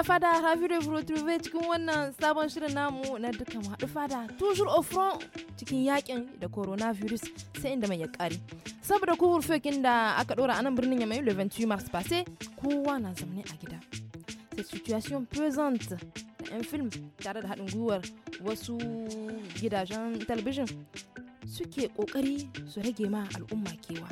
a fada ravi de vous retrouver cikin wannan sabon shirin namu na dukkan haɗu fada toujours au front cikin yakin da coronavirus sai inda mai ya kare saboda kufurfekin da aka ɗora a nan birnin yamai le 28 mars passé kowa na zaune a gida sa situation pesante yan film tare da haɗin gwiwar wasu gidajen talabijin suke ƙoƙari su rage ma al'umma kewa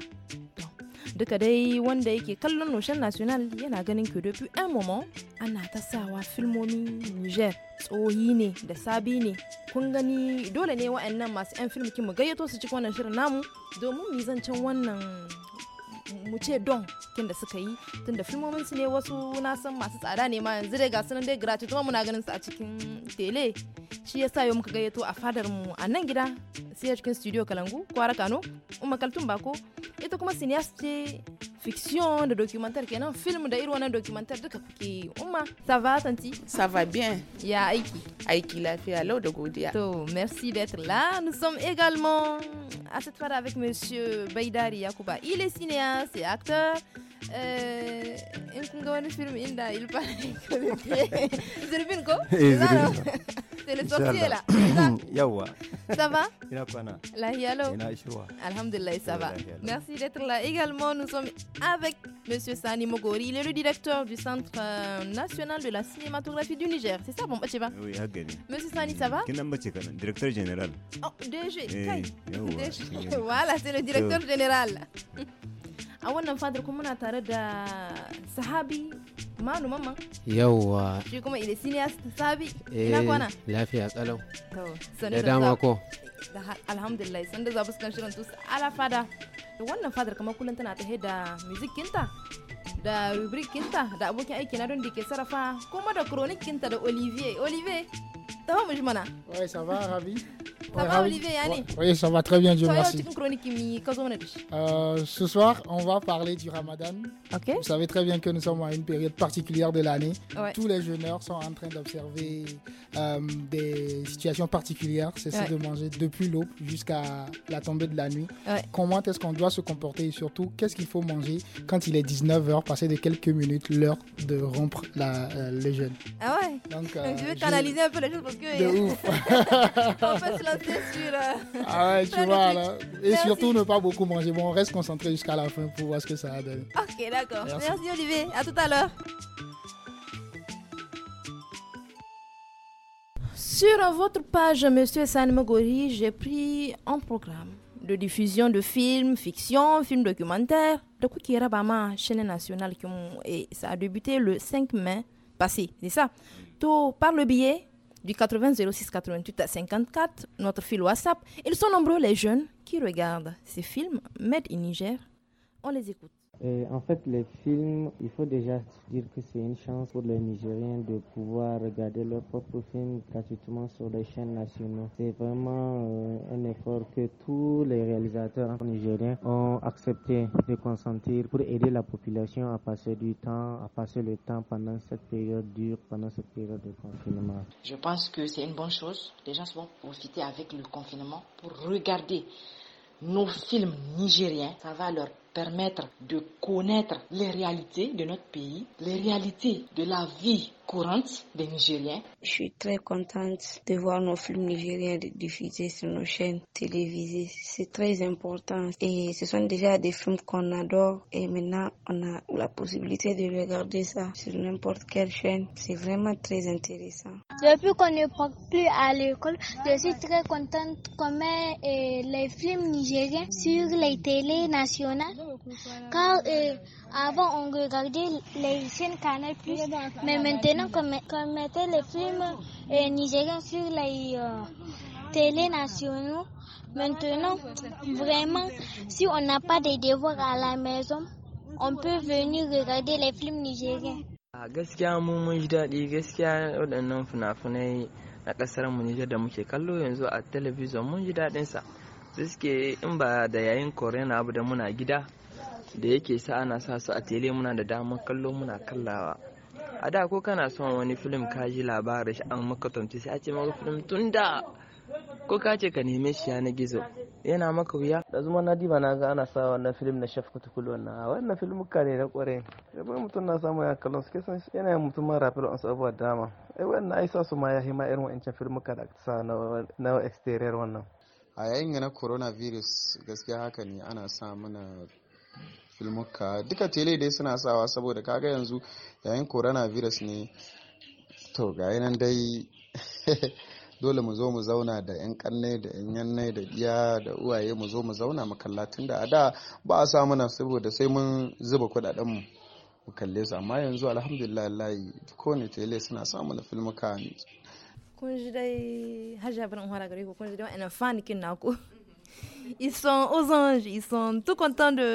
don duka dai wanda yake kallon noshen national yana ganin kudobi yan momo ana ta sawa filmomi niger tsohi ne da sabi ne kun gani dole ne wa'annan masu yan filmikin mu gayyato su cikin wannan shirin namu domin mu wannan mu ce don kin da suka yi tun da filmomin su ne wasu na san masu tsada ne ma yanzu dai ga sunan dai gratuit kuma muna ganin su a cikin tele shi yasa yau muka gayyato a fadar mu a nan gida sai cikin studio Kalangu Kwara Kano Umma Kaltun Bako ita kuma cineast ce fiction qui est un film d'ailleurs ou un documentaire documentaire de yi Ouma. ça va tanti ça va bien y a aiki aiki lafiya lau de de to merci d'être là nous sommes également à cette fois avec monsieur Baidari Yakuba il est cinéaste et acteur euh, il kun ga wani film inda il parle C'est le sorcier là. Yawa. Ça va Hialo. Alhamdulillah, ça va. Merci d'être là. Également, nous sommes avec Monsieur Sani Mogori. Il est le directeur du Centre euh, national de la cinématographie du Niger. C'est ça, bon, bah, tu Oui, Monsieur Sani, ça va Directeur général. Oh, DG. Eh, voilà, c'est le directeur général. da euh, sahabi Manu mamman. Yawwa. Shi kuma Ilesi ne sabi. Eh, ina kwana. Lafiya kalau. To, da dama ko. Alhamdulillah, sun da zabu sukan shirin tusa ala fada. Da wannan fadar kamar kullum tana ta da music kinta. Da rubric kinta da abokin aiki na don da ke sarrafa kuma da chronic kinta da Olivier. Olivier, ta mu mana. Wai, ça va, Rabi? Ça va, Olivier Yannick Oui, ça va très bien, Dieu merci. Euh, ce soir, on va parler du ramadan. Vous savez très bien que nous sommes à une période particulière de l'année. Tous les jeûneurs sont en train d'observer euh, des situations particulières, C'est ça de manger depuis l'aube jusqu'à la tombée de la nuit. Comment est-ce qu'on doit se comporter et surtout, qu'est-ce qu'il faut manger quand il est 19h, passé de quelques minutes l'heure de rompre la, euh, les jeunes. Ah ouais Donc, euh, vais vais canaliser un peu les choses parce que... De ouf. Ah tu vois, là. Et surtout, ne pas beaucoup manger. Bon, on reste concentré jusqu'à la fin pour voir ce que ça donne. Ok, d'accord. Merci. Olivier. À tout à l'heure. Sur votre page, Monsieur Sanmogori, j'ai pris un programme de diffusion de films, fiction, films documentaires. De Kukirabama, chaîne nationale, qui et ça a débuté le 5 mai passé, c'est ça. Tout par le biais du 80 06 88 à 54, notre fil WhatsApp. Ils sont nombreux les jeunes qui regardent ces films Made in Niger. On les écoute en fait, les films, il faut déjà dire que c'est une chance pour les Nigériens de pouvoir regarder leurs propres films gratuitement sur les chaînes nationales. C'est vraiment euh, un effort que tous les réalisateurs nigériens ont accepté de consentir pour aider la population à passer du temps, à passer le temps pendant cette période dure, pendant cette période de confinement. Je pense que c'est une bonne chose. Les gens vont profiter avec le confinement pour regarder nos films nigériens. Ça va leur permettre de connaître les réalités de notre pays, les réalités de la vie courante des Nigériens. Je suis très contente de voir nos films nigériens diffusés sur nos chaînes télévisées. C'est très important et ce sont déjà des films qu'on adore et maintenant on a la possibilité de regarder ça sur n'importe quelle chaîne. C'est vraiment très intéressant. Depuis qu'on ne prend plus à l'école, je suis très contente qu'on met euh, les films nigériens sur les télés nationales. Car euh, avant, on regardait les chaînes Canal Plus, mais maintenant, on mettait les films euh, nigériens sur les euh, télé nationaux, maintenant, vraiment, si on n'a pas de devoirs à la maison, on peut venir regarder les films nigériens. a ah, gaskiya mu mun ji daɗi gaskiya waɗannan fina-finai na ƙasar mu da muke kallo yanzu a talabijin mun ji daɗinsa da suke in ba da yayin korena abu da muna gida da yake sa ana sa su a tele muna da damar kallo muna kallawa a da ko kana son wani film ka ji labarin shi an maka tamti sai a ce maka film tun da ko ka ce ka neme shi yana gizo yana maka wuya da zuma na diba na ga ana sa wannan film na chef kutukul wannan a wannan film ka ne na kware bai eh, mutum na samu ya kallon su kesan yana yin mutum mara fil wasu abubuwa dama ai eh, wannan ai sa su ma ya hima irin wa'ancan ka da sa na exterior wannan a yayin na coronavirus gaskiya haka ne ana sa mana filmuka duka tele dai suna sawa saboda kaga yanzu yayin coronavirus ne to ga nan dai dole mu zo mu zauna da 'yan kanne da 'yan yanne da iya da uwaye mu zo mu zauna mu kalla tunda a da ba a samu na saboda sai mun zuba kudaden mu mu kalle su amma yanzu alhamdulillah ko ne tele suna samu na filmuka kun ji dai hajja abin umar gare ku kun ji dai wa'annan fanikin naku ils sont aux anges ils sont tout contents de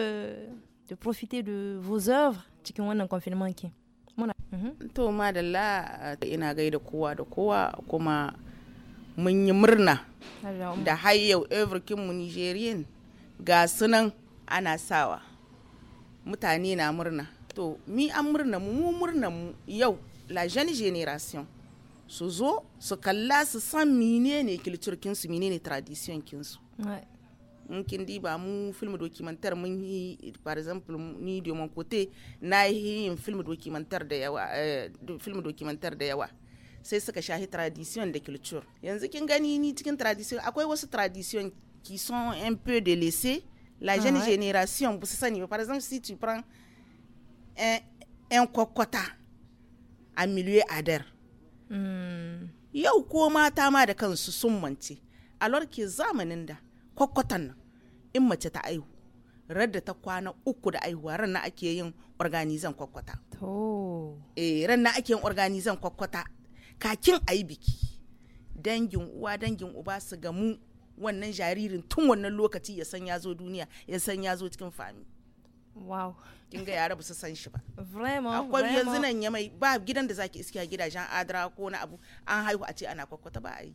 de profiter de vos œuvres cikin wannan confinement ki muna mhm. to madalla ina gaida kowa da kowa kuma mun yi murna da har yau everkin mu nigerian ga sunan ana sawa mutane na murna to mi an murna mu mu murna mu yau la jeune generation su zo su kalla su san menene kilcurkinsu menene tradition kinsu in kin diba mu film documentaire mun yi for example ni mon côté na yi yin film documentaire da yawa eh, film documentaire da yawa sai suka shahi tradition da culture yanzu kin gani ni cikin tradition akwai wasu tradition qui sont un peu délaissés la jeune ah génération bu su sani ba par exemple si tu prends un un kokota a milieu adar hmm. yau ko mata ma da kansu sun mance alors que zamanin da kwakwatan in mace ta aihu radda ta kwana uku da aihuwa ran na ake yin organizan kwakwata eh ran na ake yin organizan kwakwata kakin a yi biki dangin uwa dangin uba su gamu wannan jaririn tun wannan lokaci ya san ya zo duniya ya san ya zo cikin fami wow kin ga yara ba su san shi ba akwai yanzu nan ya mai ba gidan da zaki iskiya gidajen adara ko na abu an haihu a ce ana kwakwata ba a yi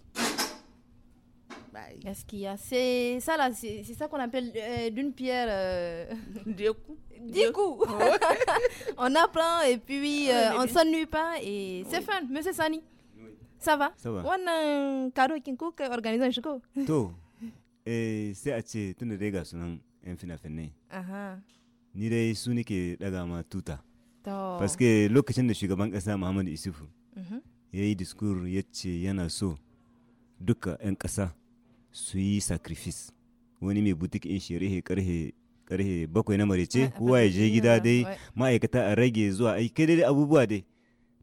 bah Est-ce qu'il y a C'est ça là, c'est ça qu'on appelle euh, d'une pierre. Euh... Deux coups. Dix coups. on apprend et puis euh, on s'ennuie pas et c'est fun. Monsieur Sani, oui. ça va Ça va. On a un carreau qui cook organisé un choco. To. Eh, c'est à ce tu ne regardes son infini fini. Aha. Ni dai su nake daga ma tuta. To. Parce que lokacin da shugaban kasa Muhammadu Isufu. Mhm. Yayi discours yace yana so duka en casa su yi sacrifice wani mai butik in shi rihe karhe karhe bakwai na marece kowa ya je gida dai ma'aikata a rage zuwa kai dai abubuwa dai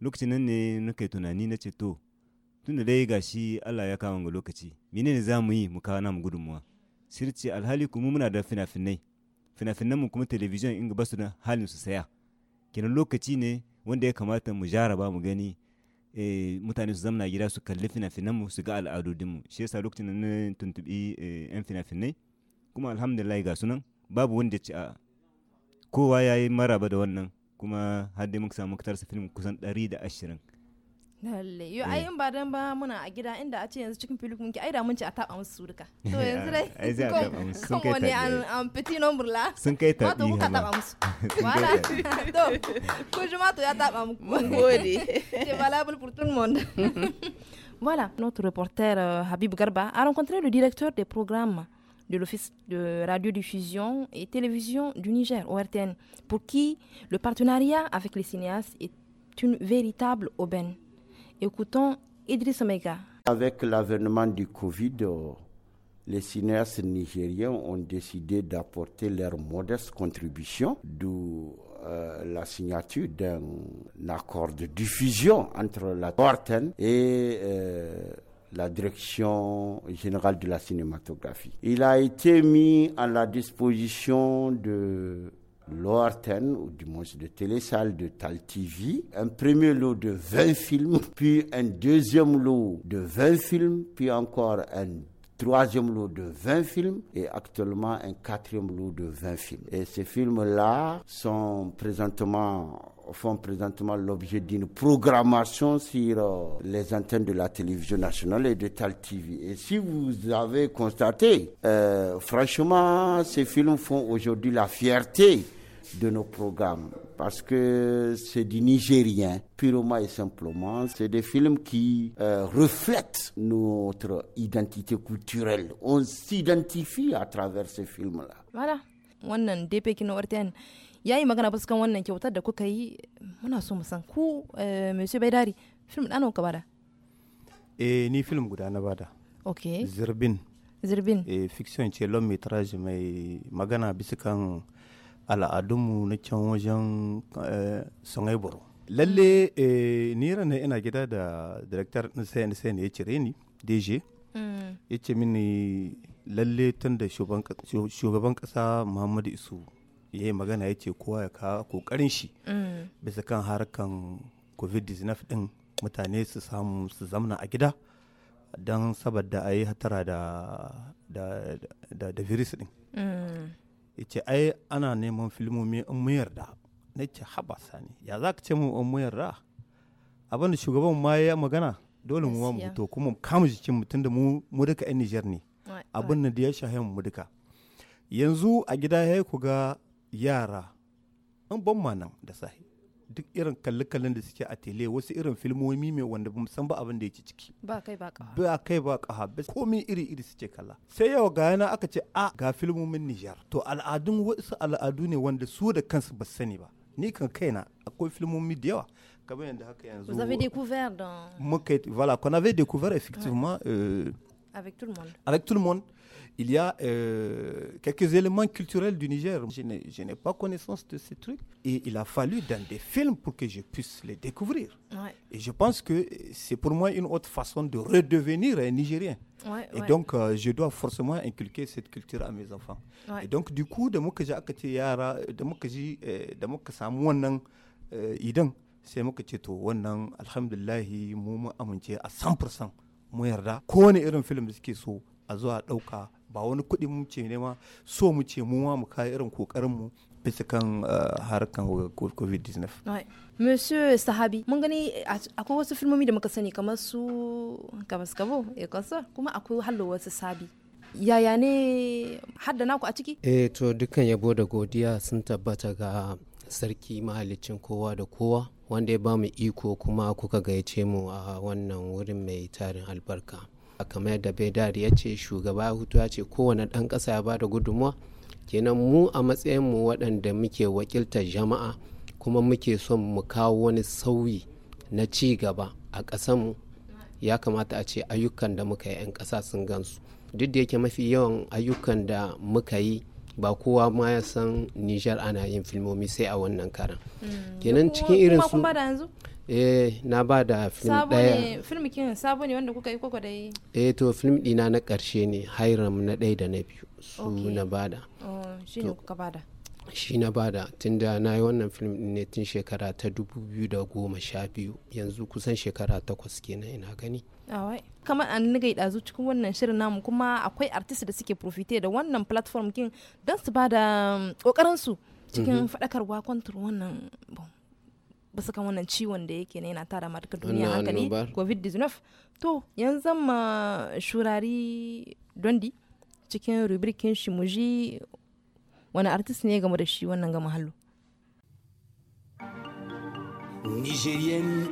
lokacin nan ne kai tunani na ce to tunda dai gashi Allah ya kawo ga lokaci menene za mu yi mu kawo namu gudunmuwa sirce alhali kuma muna da fina-finai fina-finan mu kuma television in ga basu na halin su saya kenan lokaci ne wanda ya kamata mu jaraba mu gani Eh, mutane su zamana gida su kalli fina-finanmu su ga mu shi yasa lokacin na tuntubi yan eh, fina-finai kuma alhamdulillah ga sunan babu wanda ci a kowa ya yi maraba da wannan kuma har dai muka samu kusan film kusan ashirin. lalle yo eh. ai in ba dan ba muna a gida inda a ce yanzu cikin filin kunki ai da mun ce a taba musu su duka to yanzu dai ai za a taba musu sun kai wani an petit nombre la sun kai tabi wato kuka taba musu wala to ko juma to ya taba mu mun gode c'est valable pour tout le monde voilà notre reporter euh, Habib Garba a rencontré le directeur des programmes de l'Office de radiodiffusion et télévision du Niger, ORTN, pour qui le partenariat avec les cinéastes est une véritable aubaine. Écoutons Idriss Omega. Avec l'avènement du Covid, euh, les cinéastes nigériens ont décidé d'apporter leur modeste contribution, d'où euh, la signature d'un accord de diffusion entre la Torten et euh, la direction générale de la cinématographie. Il a été mis à la disposition de l'ORTEN, ou du moins de télésalle de Tal TV, un premier lot de 20 films, puis un deuxième lot de 20 films, puis encore un troisième lot de 20 films et actuellement un quatrième lot de 20 films. Et ces films-là sont présentement font présentement l'objet d'une programmation sur euh, les antennes de la télévision nationale et de Tal TV. Et si vous avez constaté, euh, franchement, ces films font aujourd'hui la fierté de nos programmes parce que c'est du Nigérien, purement et simplement. C'est des films qui euh, reflètent notre identité culturelle. On s'identifie à travers ces films-là. Voilà. wannan dai kin warten ya yi magana baskan wannan kyautar da kuka yi muna so musan ku eh, monsieur baidari film ɗano ka bada eh ni film guda na bada ok zirbin zirbin eh fiction ce long métrage mai magana bisa kan al'adunmu na can wajen eh, sangaiboro lalle eh, ni ranar ina gida da director na cnc ne ya cire ni dj mm. ya ce mini lalle tun da shugaban kasa muhammadu isu ya yi magana ya ce kowa ya kawo kokarin shi mm. bisa kan harkan covid-19 din mutane su samu su zamna a gida don saboda a yi hatara da virus din mm. yace ai ana neman filmomi in mu yarda nace haba sani ya ka ce mu in mu yarda abin da shugaban ma ya magana dole mu mu to kuma kama jikin mutum da mu mu duka yan Nijar ne abin da ya shahe mu duka yanzu a gida ya ku ga yara in ban ma nan da sahi duk irin kalle-kallen da suke a tele wasu irin filmomi mai wanda ba san ba abin da yake ciki ba kai ba kaha ba kai ba kaha komai iri-iri suke kalla sai yau ga yana aka ce a ga filmomin Nijar to al'adun wasu al'adu ne wanda su da kansu ba sani ba ni kan kaina akwai filmomi da yawa kamar yadda haka yanzu vous avez découvert dans muka voilà qu'on avait découvert effectivement euh, avec tout le monde avec tout le monde il y a euh, quelques éléments culturels du Niger. Je n'ai pas connaissance de ces trucs. Et il a fallu dans des films pour que je puisse les découvrir. Ouais. Et je pense que c'est pour moi une autre façon de redevenir un Nigérien. Ouais, et donc, euh, je dois forcément inculquer cette culture à mes enfants. Et donc, du coup, de que j'ai yara, de que j'ai, euh, de que ça m'a euh, idan, c'est moi que j'ai tout. Wannan, alhamdulillahi, mu mu amince à 100%. Mu yarda, kowane un film da suke so a zo a ba wani kuɗi mu ce ne ma so mu ce mu ma mu kai irin kokarin mu bisa kan eh, harkan covid-19 monsieur sahabi mun gani akwai wasu filmomi da muka sani kamar su kamaskabo kuma akwai hallo wasu sabi yaya ne haddana naku a ciki eh to dukkan yabo da godiya sun tabbata ga sarki mahalicin kowa da kowa wanda ya ba mu iko kuma kuka gayyace mu a wannan wurin mai tarin albarka a kamar da bedard ya ce shugaba hutu ya ce kowane ɗan ƙasa ya bada gudunmuwa kenan mu a matsayin mu waɗanda muke wakiltar jama'a kuma muke son mu kawo wani sauyi na ci gaba a ƙasanmu ya kamata a ce ayyukan da muka yi 'yan ƙasa sun gansu duk da yake mafi yawan ayyukan da muka yi ba kowa ma ya san nijar ana yin filmomi sai a wannan karan mm, kenan cikin irin su eh na ba da film daya film kin sabo ne wanda kuka yi koko da yi eh to film dina na karshe ne hairam na ɗaya da na biyu su na bada oh, shi ne kuka bada shi na bada tunda na yi wannan film ne tun shekara ta dubu biyu da goma sha biyu yanzu kusan shekara takwas kenan ina gani kamar an niga ɗazu cikin wannan shirin namu kuma akwai artist da suke profite da wannan platform kin don su ba kokarin um, su cikin mhm. faɗakarwa kwantar wannan on a wannan ciwon da yake na yana tara matuka duniya ne covid-19 to yanzu ma shurari dondi cikin rubrikin shi muji wani artist ne game da shi wannan ga mahallo Nigérienne,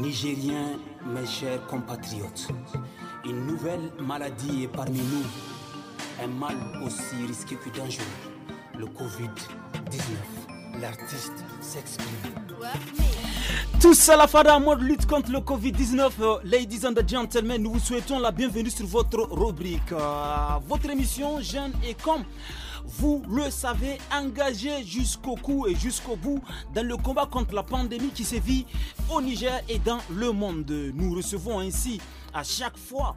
Nigérien, mes chers compatriotes, une nouvelle maladie est parmi nous, un mal aussi risqué que dangereux, le Covid-19 l'artiste s'exprime. Tous à la Fada mode lutte contre le Covid-19. Euh, ladies and gentlemen, nous vous souhaitons la bienvenue sur votre rubrique. Euh, votre émission Jeune et comme vous le savez, engagé jusqu'au cou et jusqu'au bout dans le combat contre la pandémie qui sévit au Niger et dans le monde. Nous recevons ainsi à chaque fois,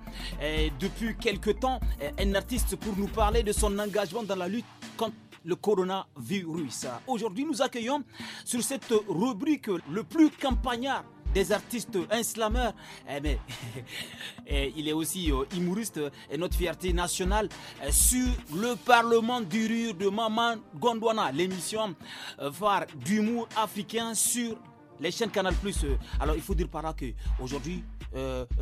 depuis quelques temps, euh, un artiste pour nous parler de son engagement dans la lutte contre le coronavirus. Aujourd'hui, nous accueillons sur cette rubrique le plus campagnard des artistes, un eh, mais eh, il est aussi euh, humoriste et notre fierté nationale euh, sur le Parlement du Rire de Maman Gondwana, l'émission euh, phare d'humour africain sur les chaînes Canal Plus. alors il faut dire par là que aujourd'hui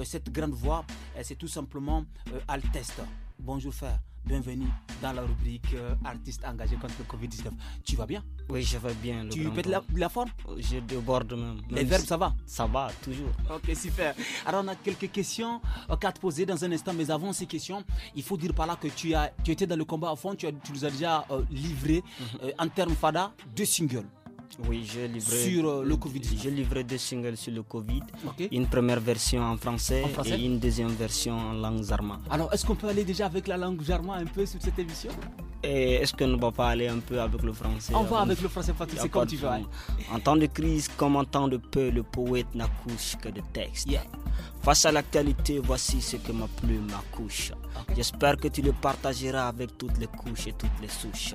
cette grande voix, eh, c'est tout simplement Alteste. Bonjour frère bienvenue dans la rubrique euh, artistes engagés contre le Covid-19. Tu vas bien Oui, je vais bien. tu pètes la, forme Je déborde même. Les verbes, ça va Ça va, toujours. Ok, super. Alors, on a quelques questions euh, qu'à te poser dans un instant, mais avant ces questions, il faut dire par là que tu, as, tu étais dans le combat Au fond, tu, nous as déjà euh, livré, mhm. en termes FADA, deux singles. Oui, j'ai livré. Sur euh, deux singles sur le Covid. Une première version en français, et une deuxième version en langue zarma. Alors, est-ce qu'on peut aller déjà avec la langue zarma un peu sur cette émission est-ce qu'on ne va pas aller un peu avec le français On va avec le français, c'est comme tu vas. En temps de crise, comme en temps de peur, le poète n'accouche que de textes. Face à l'actualité, voici ce que ma plume accouche. J'espère que tu le partageras avec toutes les couches et toutes les souches.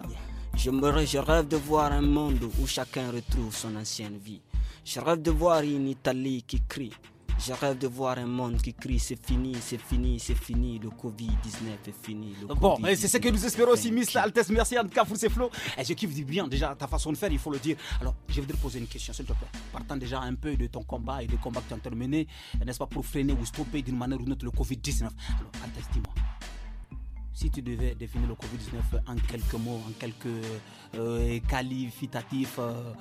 Je, rêve de voir un monde où chacun retrouve son ancienne vie. Je rêve de voir une Italie qui crie. Je rêve de voir un monde qui crie c'est fini, c'est fini, c'est fini, le Covid-19 est fini. bon, c'est ce que nous espérons aussi, Miss Altesse. Merci en tout cas pour ces flots. Et je kiffe bien déjà ta façon de faire, il faut le dire. Alors, je voudrais poser une question, s'il te plaît. Partant déjà un peu de ton combat et des combats que tu as terminé, n'est-ce pas, pour freiner ou stopper d'une manière ou d'une autre le Covid-19. Alors, Altes, dis-moi, si tu devais définir le Covid-19 en quelques mots, en quelques euh, qualificatifs. Euh,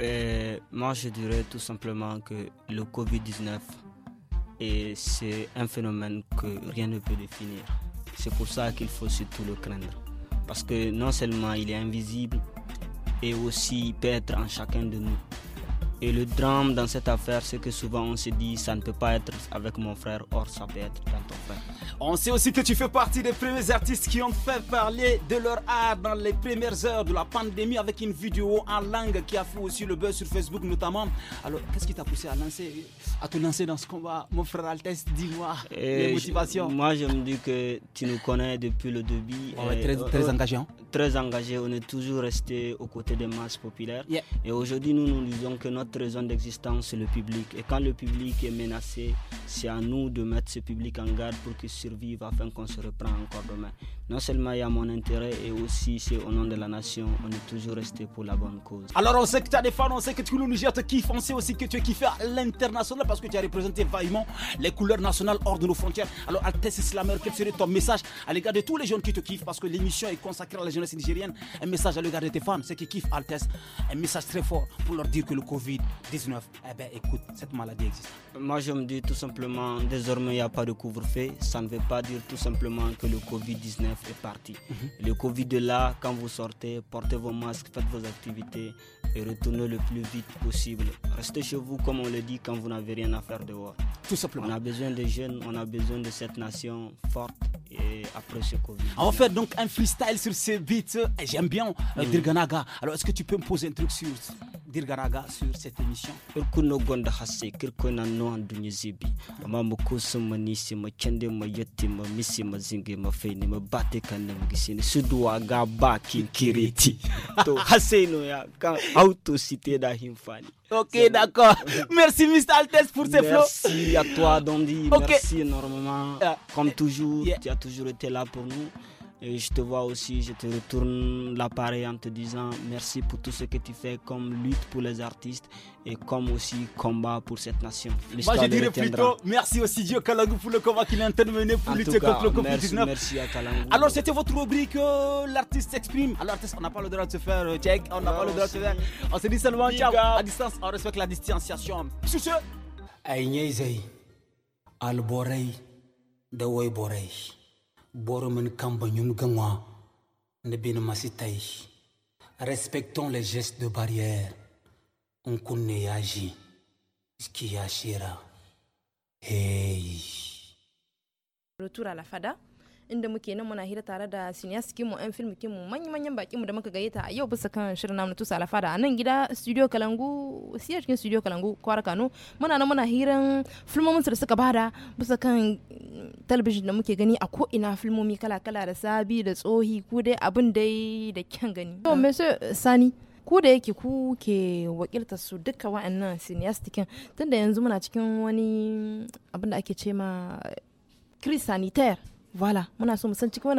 euh, moi, je dirais tout simplement que le Covid-19, c'est un phénomène que rien ne peut définir. C'est pour ça qu'il faut surtout le craindre. Parce que non seulement il est invisible, et aussi peut être en chacun de nous. Et le drame dans cette affaire, c'est que souvent on se dit ça ne peut pas être avec mon frère, or ça peut être dans ton frère. On sait aussi que tu fais partie des premiers artistes qui ont fait parler de leur art dans les premières heures de la pandémie avec une vidéo en langue qui a fait aussi le buzz sur Facebook notamment. Alors qu'est-ce qui t'a poussé à, te lancer dans ce combat, mon frère Altesse Dis-moi euh, les motivations. moi je me dis que tu nous connais depuis le début. On est très, très euh, hein très engagés, on est toujours resté aux côtés des masses populaires. Et aujourd'hui, nous nous disons que notre raison d'existence, c'est le public. Et quand le public est menacé, c'est à nous de mettre ce public en garde pour qu'il survive afin qu'on se reprend encore demain. Non seulement il y a mon intérêt, et aussi c'est au nom de la nation, on est toujours resté pour la bonne cause. Alors on sait que tu as des fans, on sait que tu nous monde te on sait aussi que tu es kiffé à l'international parce que tu as représenté vaillamment les couleurs nationales hors de nos frontières. Alors Altesse Islamer, quel serait ton message à l'égard de tous les jeunes qui te kiffent parce que l'émission est consacrée à la jeunesse nigérienne, un message à l'égard de tes femmes, ceux qui kiffent Altesse, un message très fort pour leur dire que le Covid-19, eh ben écoute, cette maladie existe. Moi je me dis tout simplement, désormais il n'y a pas de couvre-feu, ça ne veut pas dire tout simplement que le Covid-19 est parti. Mhm. Le Covid est là, quand vous sortez, portez vos masques, faites vos activités et retournez le plus vite possible. Restez chez vous comme on le dit quand vous n'avez rien à faire dehors. Tout simplement. On a besoin des jeunes, on a besoin de cette nation forte et après ce Covid. On va faire donc un freestyle sur ces beat, eh, j'aime bien euh, mm. Dirganaga. Alors, est-ce que tu peux me poser un truc sur Dirganaga, sur cette émission Ok, d'accord. Merci, Mr. Altesse, pour ces flots. Merci à toi, Dondi. Merci énormément. Ah. Comme toujours, tu as toujours été là pour nous. Et je te vois aussi, je te retourne l'appareil en te disant merci pour tout ce que tu fais comme lutte pour les artistes et comme aussi combat pour cette nation. Moi, je dirais plutôt merci aussi Dieu Kalangu pour le combat qu'il a intervenu pour lutter contre le Covid-19. Merci à Alors, c'était votre rubrique, euh, l'artiste s'exprime. Alors, ah, l'artiste, on n'a pas le droit de se faire euh, check, on n'a pas le droit de se faire. On se dit seulement ciao, à distance, on respecte la distanciation. Sous ce, de Alborei, Boruman kamba nyumgangwa ne respectons les gestes de barrière nkunne yaji skiyashira hey retour à la fada inda muke nan muna hira tare da sinyas kimu yan film kinmu manyan manyan bakin mu da muka gayyata a yau bisa kan shirin namu tusa alafa a nan gida studio kalangu siyar cikin studio kalangu kwara kano muna nan muna hiran filmomin da suka bada bisa kan talabijin da muke gani a koina ina filmomi kala kala da sabi da tsohi ku dai abin dai da kyan gani to ah. me sani ku da yake ku ke wakilta su duka wa'annan siniyastikin tunda yanzu muna cikin wani abin da ake ce ma crise sanitaire Voilà, muna so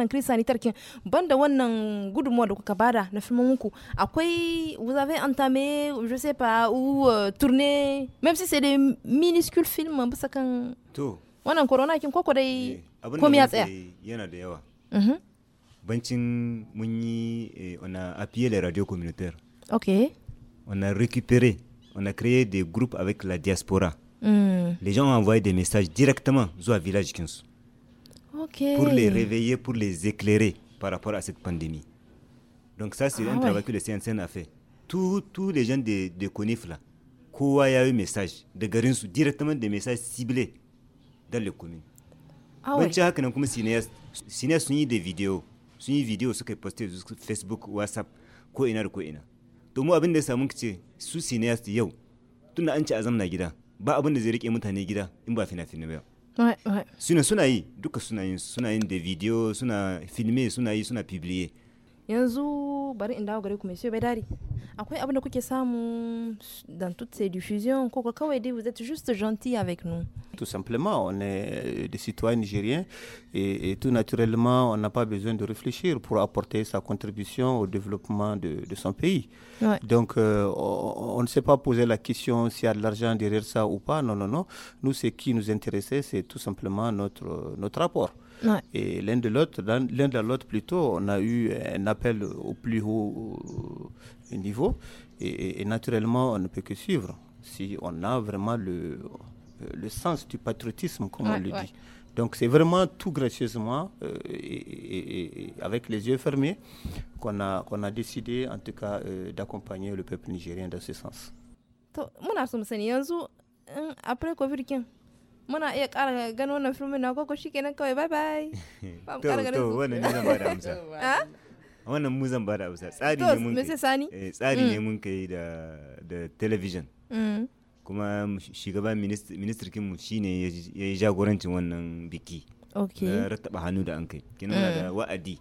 crise sanitaire banda wannan da kuka bada na vous avez entamé je sais pas ou euh, tourner, même si c'est des minuscules films bisa to wannan corona kin koko dai eh, ya yana da yawa mhm. eh, on a appuyé les radios communautaires OK on a récupéré on a créé des groupes avec la diaspora hmm. les gens ont envoyé des messages directement soit village kinsu pour les réveiller, pour les éclairer par rapport à cette pandémie. Donc ça, c'est ah un travail que le CNCN a fait. Tous les jeunes de, de CONIF, là, kowa ya yi message daga directement des messages ciblés dans les communes. Ah, Bancin haka nan cinéaste, cinéaste. sun yi da video sun yi video suka posté sur Facebook WhatsApp ko ina da ko ina. To mu abin da ya samu ce su seniors yau tunda an ci azam na gida ba abin da zai rike mutane gida in ba fina ba. suna suna duka suna yin suna yin da video suna filme suna yi suna publiye yanzu bari in dawo gare ku mai sai bai dari Après, ah, dans toutes ces diffusions vous êtes juste gentil avec nous tout simplement on est des citoyens nigériens et, tout naturellement on n'a pas besoin de réfléchir pour apporter sa contribution au développement de, son pays donc euh, on, ne s'est pas posé la question s'il y a de l'argent derrière ça ou pas non non non nous ce qui nous intéressait c'est tout simplement notre notre rapport Et l'un de l'autre, l'un de l'autre plutôt, on a eu un appel au plus haut niveau. Et, naturellement, on ne peut que suivre si on a vraiment le, euh, le sens du patriotisme, comme on le dit. Donc c'est vraiment tout gracieusement euh, et, avec les yeux fermés qu'on a, qu'on a décidé en tout cas euh, d'accompagner le peuple nigérien dans ce sens. wannan mu zan bada hausa tsari ne mun kai eh, tsari ne mm. mun kai da da television mm. kuma shugaban kin mu shine ya yi jagorancin wannan biki na rattaba hannu da an kai kina da mm. wa'adi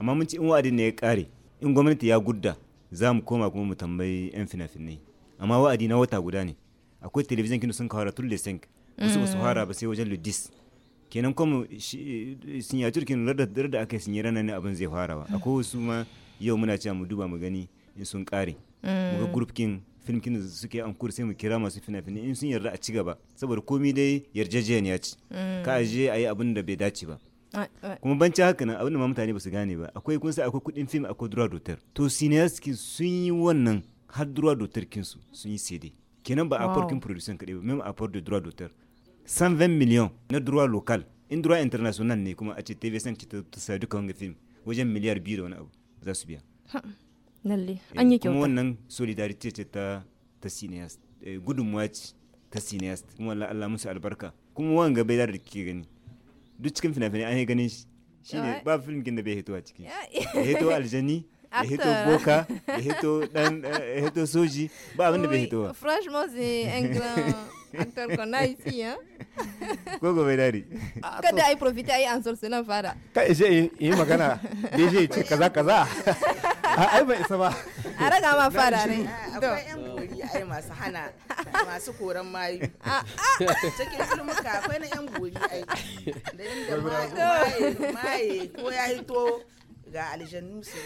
amma mun ci in wa'adin ne ya kare in gwamnati ya gudda za mu koma kuma mu tambayi yan fina-finai amma wa'adi na wata guda ne akwai television kinu sun kawara tun lesenk wasu ba su fara ba sai wajen ludis kenan kuma sinyatur kin lardar da aka sinye ranar ne abin zai farawa akwai wasu ma yau muna cewa mu duba mu gani in sun kare mu ga mm. group kin film suke an sai mu kira masu fina-finai in sun yarda a ci gaba saboda komai dai yarjejeniya ce mm. ka aje yi abin da bai dace ba kuma ban banci haka nan abin da mutane ba su gane ba akwai kun sai akwai kudin film akwai dura dotar to cineaskin sun yi wannan har dura dotar su sun yi sai kenan ba a farkin producer kaɗai ba a far da dura dotar 120 miliyan na droit local in droit international ne kuma a ce tv5 ta tusa duka wanga film wajen miliyar biyu da wani abu za su biya lalle an yi kyauta kuma wannan solidarity ce ta ta cineast gudunmuwa ce ta cineast kuma Allah Allah musu albarka kuma wanga bai da kike gani duk cikin fina-finai an yi ganin shi ne ba film kin da bai hito a ciki ya hito aljani ya hito boka ya hito dan ya hito soji ba abin da bai hito franchement c'est un grand an tarkona ici hein gogo bai kada ai profiter ai an sorcelan fara kai je yi magana ce kaza kaza ai bai isa ba a raga ma fara ne akwai yan ai masu hana masu koran mayu cikin filmuka akwai na yan ai da ko ya hito ah, ah. ga aljannu su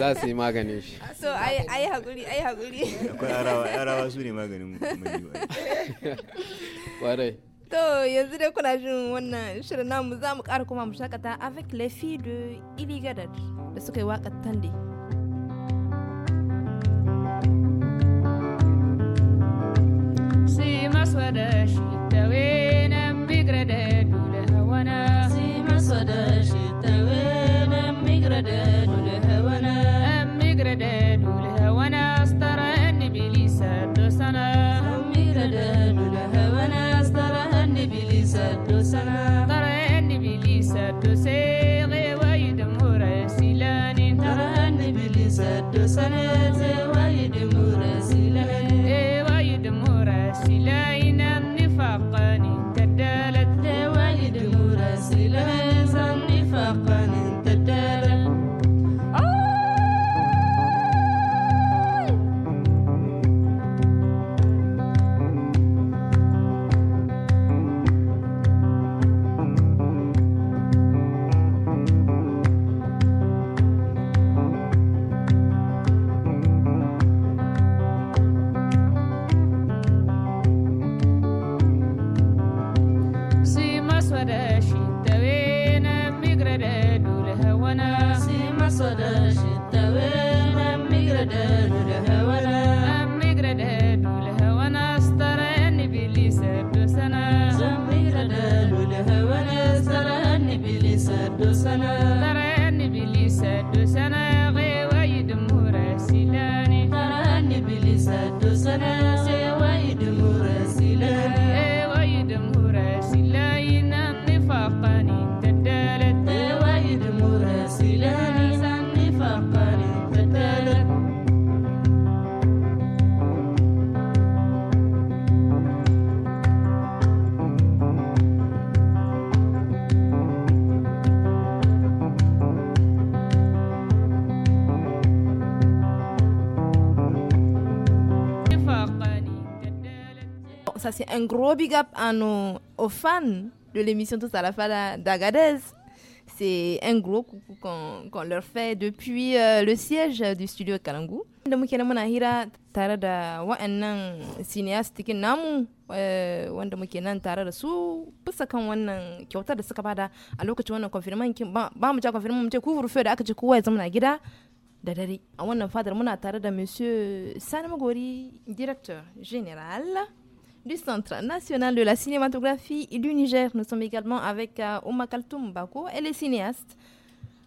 za su yi maganin shi so ai haguri ai haguri akwai arawa su ne maganin mai to yanzu dai kuna jin wannan shirin namu za mu ƙara kuma mu shakata avec les filles de iligadar da suka yi waƙar tande Si maswada shi tawe na bigre da dole hawana Si maswada Saturday. ça c'est un gros big up à nos, aux fans de l'émission Tous à la Fada d'Agadez. C'est un gros coucou qu'on qu leur fait depuis euh, le siège du studio Kalangu. da mon, muna hira tare da wa'annan cineastikin namu euh, wanda muke nan tare da su bisa kan wannan kyautar da suka bada a lokacin wannan confirman ba mu ja confirman mu ce ku rufe da aka ce kowa ya zama gida da dare a wannan fadar muna tare da monsieur Sanamogori, directeur général du Centre national de la cinématographie du Niger. Nous sommes également avec uh, Mbako, Bako. Elle est cinéaste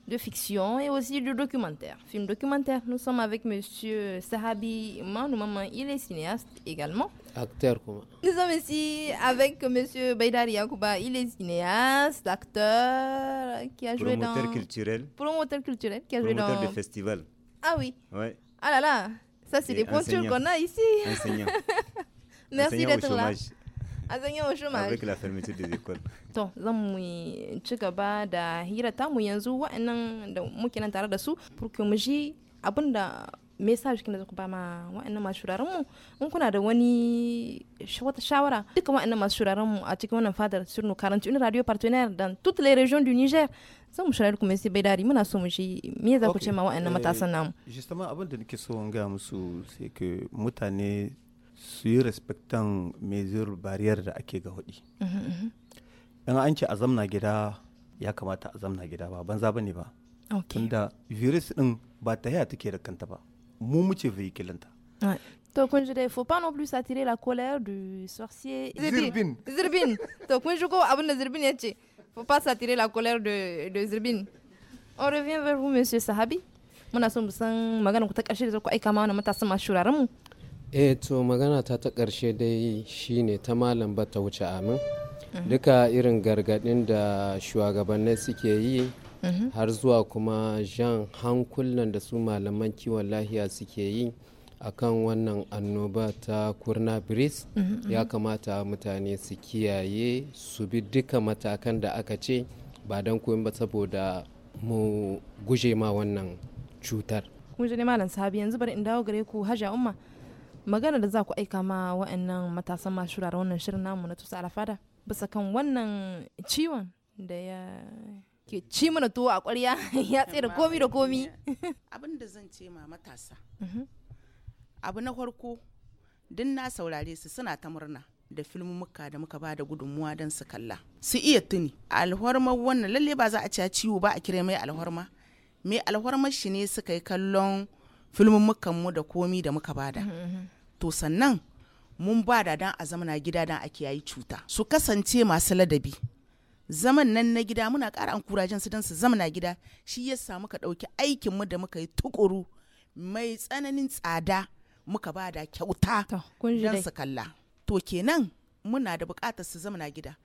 de fiction et aussi de documentaire. Film documentaire, nous sommes avec Monsieur Sahabi Manoumaman, il est cinéaste également. Acteur, comment Nous sommes ici avec Monsieur Baydari Yakouba, il est cinéaste, acteur, qui a joué dans... Promoteur culturel. Promoteur culturel, qui a joué dans... Promoteur de festival. Ah oui Ouais. Ah là là, ça c'est des pointures qu'on a ici. Enseignant. Merci d'être là. enseignants au chômage avec la fermeture des écoles to zan mu ci gaba da hira ta mu yanzu wa'annan da muke nan tare da su pour mu ji abinda message kin da ku ba ma wa'annan masu shuraren mu in kuna da wani wata shawara dukkan wa'annan masu shuraren mu a cikin wannan fadar sur nos 41 radio partenaire dans toutes les régions du Niger zan mu shirar kuma sai baidari muna so mu shi me za ku ce ma wa'annan matasan eh, namu justement abin da nake so in ga musu sai ke mutane su yi respectan mesures à da ake ga hudi uhuh, uhuh. in an ce ya kamata a gida ba banza ba ba tunda virus din ba ta take da kanta ba mu Donc, il faut pas non plus attirer la colère du sorcier Zirbin. Zirbin. Ah, il ne faut pas s'attirer la colère de, de On revient vers vous, monsieur Sahabi. Muna son musan magana ku ta ƙarshe da e to magana ta ta ƙarshe dai shine ta malam ba ta wuce amin mhm. duka irin gargaɗin da shugabannin suke yi mhm. har zuwa kuma jan hankulan da su malaman kiwon lahiya suke yi akan wannan annoba ta kurna bris mhm, ya kamata mutane su kiyaye su bi duka matakan da aka ce ba don koyon ba saboda mu guje ma wannan cutar. kun ji ne malam sabi yanzu bari in dawo gare ku hajja umma magana da za ku aika ma wa'annan matasan masu shurara wannan shirin namu na tusa alfada bisa kan wannan ciwon da ya ke ci mana tuwo a ƙwarya ya da komi da komi abin da zan ce ma matasa mhm. abu na farko din na saurare su suna ta murna da filmumuka da muka ba da gudunmuwa don su kalla su iya tuni alhorma wannan lalle ba za a ci ciwo ba a kira mai alhorma mai alhormar shi ne suka yi kallon filmin mu da komi da muka bada mhm, mhm. to sannan mun ba da dan a zamana gida dan ake kiyayi cuta su kasance masu ladabi zaman nan na gida muna ƙara an kurajen su don su zamana gida shi ya samu ka ɗauki aikin mu da muka yi tukuru mai tsananin tsada muka ba da kyauta don su kalla to kenan muna da buƙatar su zamana gida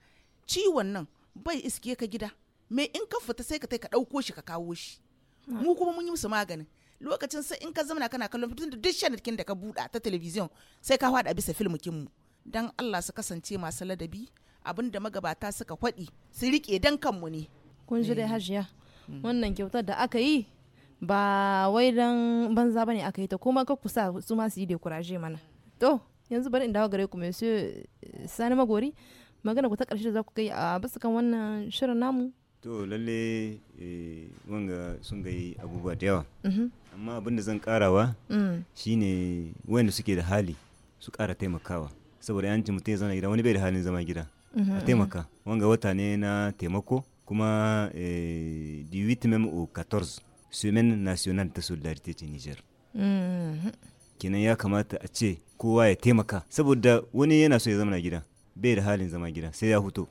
ciwon nan bai iske ka gida me in ka fita sai ka kai ka ɗauko shi ka kawo shi mu kuma mun yi musu maganin lokacin sai in ka zamana kana kallon fitin da duk shanarkin da ka buɗa ta talabijin sai ka haɗa bisa filmikin mu dan Allah su kasance masu ladabi abin da magabata suka kwaɗi su riƙe dan kanmu ne kun ji dai eh. hajiya mm. wannan kyautar da aka yi ba wai dan banza bane aka yi ta kuma ka kusa su ma su yi da kuraje mana to yanzu bari in dawo gare ku monsieur sani magori magana ku ta ƙarshe da za ku kai a bisa kan wannan shirin namu to lalle eh, wanga sun gai abubuwa da yawa mhm. amma abinda zan karawa mm. shine wanda suke da hali su kara taimakawa saboda yanci mutum ya zana gida wani bai da halin zama gida mhm. a taimaka wanga wata ne na taimako kuma eh, di witmem o 14 semaine nationale ta solidarité ce niger mhm. kenan ya kamata a ce kowa ya taimaka saboda wani yana so ya zama gida bai da halin zama gida sai ya huto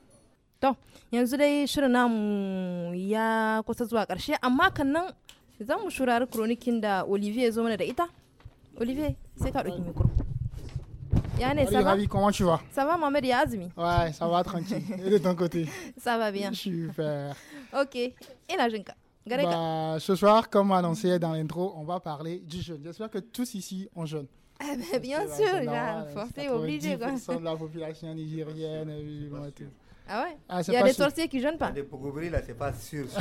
to ya amma olivier olivier comment tu vas Ça va, Mohamed Yazmi Ouais, ça va, tranquille. Et de ton côté Ça va bien. Super. ok. Et la bah, ce soir, comme annoncé dans l'intro, on va parler du jeûne. J'espère que tous ici ont jeûne. Eh ben, bien sûr, j'ai obligé. de la population nigérienne, euh, et tout. Ah ouais ah, Il y a des sorciers qui jeûnent pas. Les Pogobri, là, c'est pas sûr.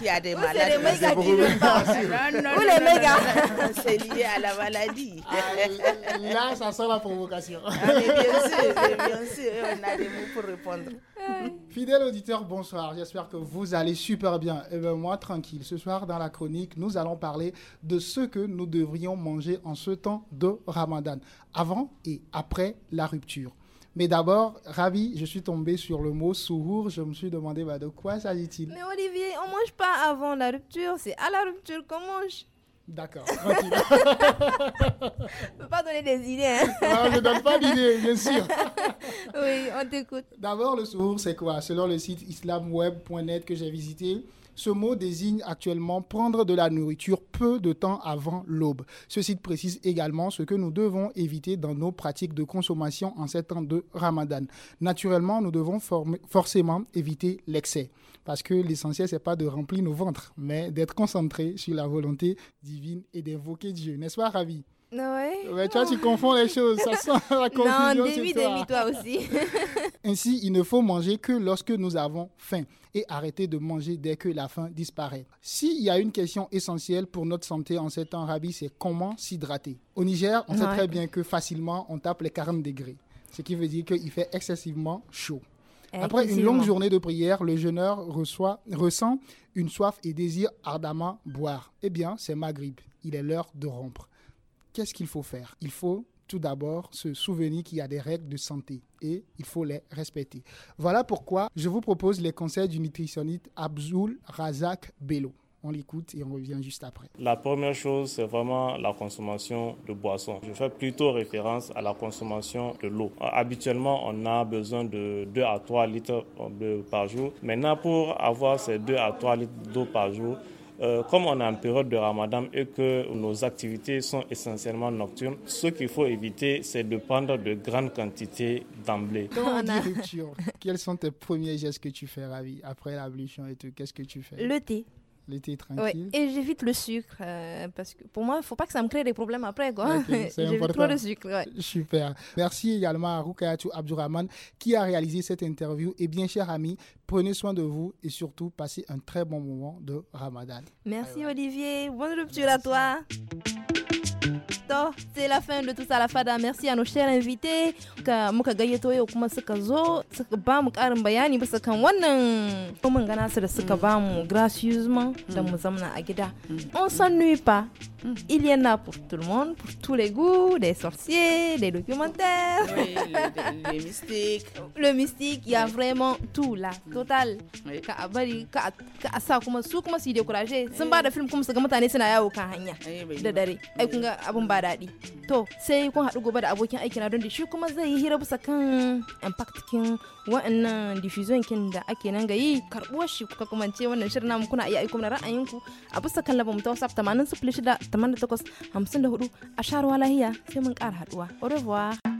Il y a des malades. C'est les mégas qui jeûnent pas. Ou les mégas. C'est lié à la maladie. Ah, là, ça sent la provocation. Ah, bien sûr, bien sûr, on a des mots pour répondre. Fidèle auditeur, bonsoir. J'espère que vous allez super bien. Et eh bien moi, tranquille. Ce soir, dans la chronique, nous allons parler de ce que nous devrions manger en ce temps de Ramadan, avant et après la rupture. Mais d'abord, ravi, je suis tombé sur le mot souhour. Je me suis demandé bah, de quoi s'agit-il. Mais Olivier, on mange pas avant la rupture. C'est à la rupture qu'on mange. D'accord, tranquille. ne pas donner des idées. Hein. Non, je ne donne pas d'idées, bien sûr. oui, on t'écoute. D'abord, le souhour, c'est quoi Selon le site islamweb.net que j'ai visité, ce mot désigne actuellement prendre de la nourriture peu de temps avant l'aube. Ceci précise également ce que nous devons éviter dans nos pratiques de consommation en ces temps de Ramadan. Naturellement, nous devons forcément éviter l'excès parce que l'essentiel c'est pas de remplir nos ventres, mais d'être concentré sur la volonté divine et d'évoquer Dieu. N'est-ce pas, Ravi? tu vois, tu confonds les choses. Ça sent la Non, dévie, dévie, toi aussi. Ainsi, il ne faut manger que lorsque nous avons faim et arrêter de manger dès que la faim disparaît. S'il y a une question essentielle pour notre santé en ces temps rabis, c'est comment s'hydrater. Au Niger, on sait très bien que facilement, on tape les 40 degrés, ce qui veut dire qu'il fait excessivement chaud. Après une longue journée de prière, le jeûneur reçoit, ressent une soif et désire ardemment boire. Eh bien, c'est Maghrib, Il est l'heure de rompre qu'est-ce qu'il faut faire Il faut tout d'abord se souvenir qu'il y a des règles de santé et il faut les respecter. Voilà pourquoi je vous propose les conseils du nutritionniste Abzoul Razak Bello. On l'écoute et on revient juste après. La première chose, c'est vraiment la consommation de boissons. Je fais plutôt référence à la consommation de l'eau. Habituellement, on a besoin de 2 à 3 litres d'eau par jour. Maintenant, pour avoir ces 2 à 3 litres d'eau par jour, euh, comme on est en période de ramadan et que nos activités sont essentiellement nocturnes, ce qu'il faut éviter, c'est de prendre de grandes quantités d'emblée. quels sont tes premiers gestes que tu fais, Ravi, après l'ablution et tout Qu'est-ce que tu fais Le thé l'été tranquille. et j'évite le sucre, euh, parce que pour moi, il ne faut pas que ça me crée des problèmes après. quoi. j'évite trop le sucre. Super. Merci également à Rukayatou Abdurrahman qui a réalisé cette interview. Et bien, cher ami, prenez soin de vous et surtout, passez un très bon moment de Ramadan. Merci, Olivier. Bonne rupture à toi c'est la fin de tout ça la fada merci à nos chers invités ka muka gayyato yau kuma suka zo suka ba mu karin bayani bisa kan wannan mun gana su da suka ba mu gracieusement da mu zamna a gida mm. on s'ennuie pas mm. Il y en a pour tout le monde, pour tous les goûts, des sorciers, des documentaires. le, mystique. Le mystique, il y a vraiment tout là, total. Ka commence bari, ka a sa kuma su kuma su comme décourager. Sun ba da film kuma su ga mutane suna yawo kan hanya da dare. Ai kun ga abun ba daɗi to sai kun haɗu gobe da abokin aiki na don shi kuma zai yi hira bisa kan um, impact kin wa'annan diffusion kin da ake nan ga yi karɓuwar shi kuka kuma ce wannan shirin namu kuna iya aiko mana ra'ayinku a bisa kan labar mu shida tamanin takwas hamsin da hudu a sharuwa lahiya sai mun ƙara haɗuwa au revoir